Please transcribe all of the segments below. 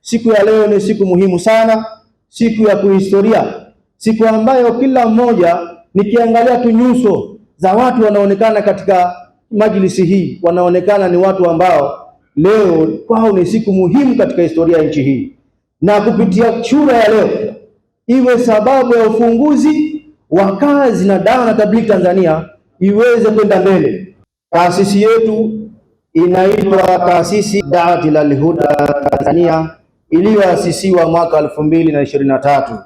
Siku ya leo ni siku muhimu sana, siku ya kuhistoria, siku ambayo kila mmoja, nikiangalia tu nyuso za watu wanaonekana katika majlisi hii, wanaonekana ni watu ambao leo kwao ni siku muhimu katika historia ya nchi hii, na kupitia shura ya leo iwe sababu ya ufunguzi wa kazi na dawa na tablighi Tanzania iweze kwenda mbele. Taasisi yetu inaitwa taasisi Daawati Ilal Huda Tanzania iliyoasisiwa mwaka 2023.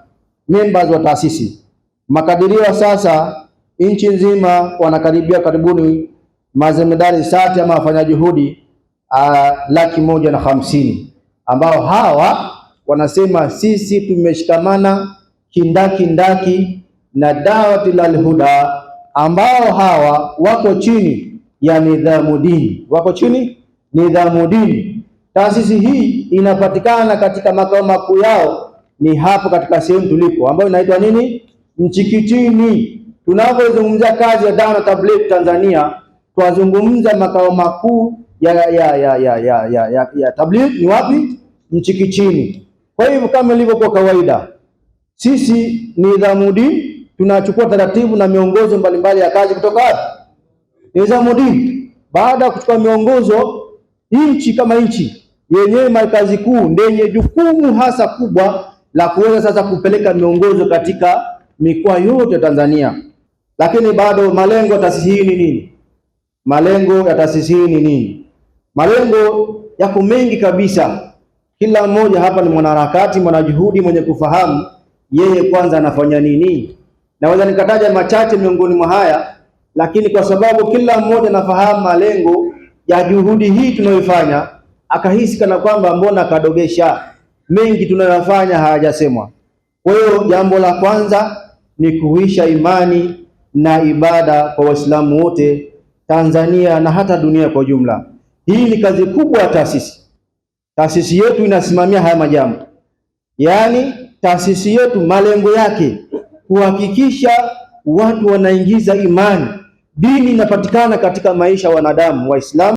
Members wa taasisi makadirio sasa nchi nzima wanakaribia karibuni mazemedari sati ama wafanya juhudi ah, laki moja na hamsini ambao hawa wanasema sisi tumeshikamana kindaki ndaki na dawa tilalhuda ambao hawa wako chini ya nidhamu dini, wako chini nidhamu dini. Taasisi hii inapatikana katika makao makuu yao ni hapo katika sehemu tulipo, ambayo inaitwa nini, Mchikichini. Tunapozungumzia kazi ya dawa na tabligh Tanzania, twazungumza makao makuu ya ya ya ya ya ya, ya, ya tabligh ni wapi? Mchikichini. Kwa hivyo kama ilivyokuwa kawaida, sisi nidhamu dini tunachukua taratibu na miongozo mbalimbali ya kazi kutoka wapi Nizamuddin baada ya kuchukua miongozo, nchi kama nchi yenyewe makazi kuu ndenye jukumu hasa kubwa la kuweza sasa kupeleka miongozo katika mikoa yote Tanzania. Lakini bado malengo ya taasisi hii ni nini? Malengo ya taasisi hii ni nini? Malengo yako mengi kabisa. Kila mmoja hapa ni mwanaharakati, mwanajuhudi mwenye kufahamu yeye kwanza anafanya nini. Naweza nikataja machache miongoni mwa haya lakini kwa sababu kila mmoja anafahamu malengo ya juhudi hii tunayoifanya, akahisi kana kwamba mbona kadogesha mengi tunayofanya hayajasemwa. Kwa hiyo jambo la kwanza ni kuhuisha imani na ibada kwa Waislamu wote Tanzania na hata dunia kwa ujumla. Hii ni kazi kubwa ya taasisi. Taasisi yetu inasimamia haya majambo, yaani taasisi yetu malengo yake kuhakikisha watu wanaingiza imani Dini inapatikana katika maisha ya wanadamu Waislamu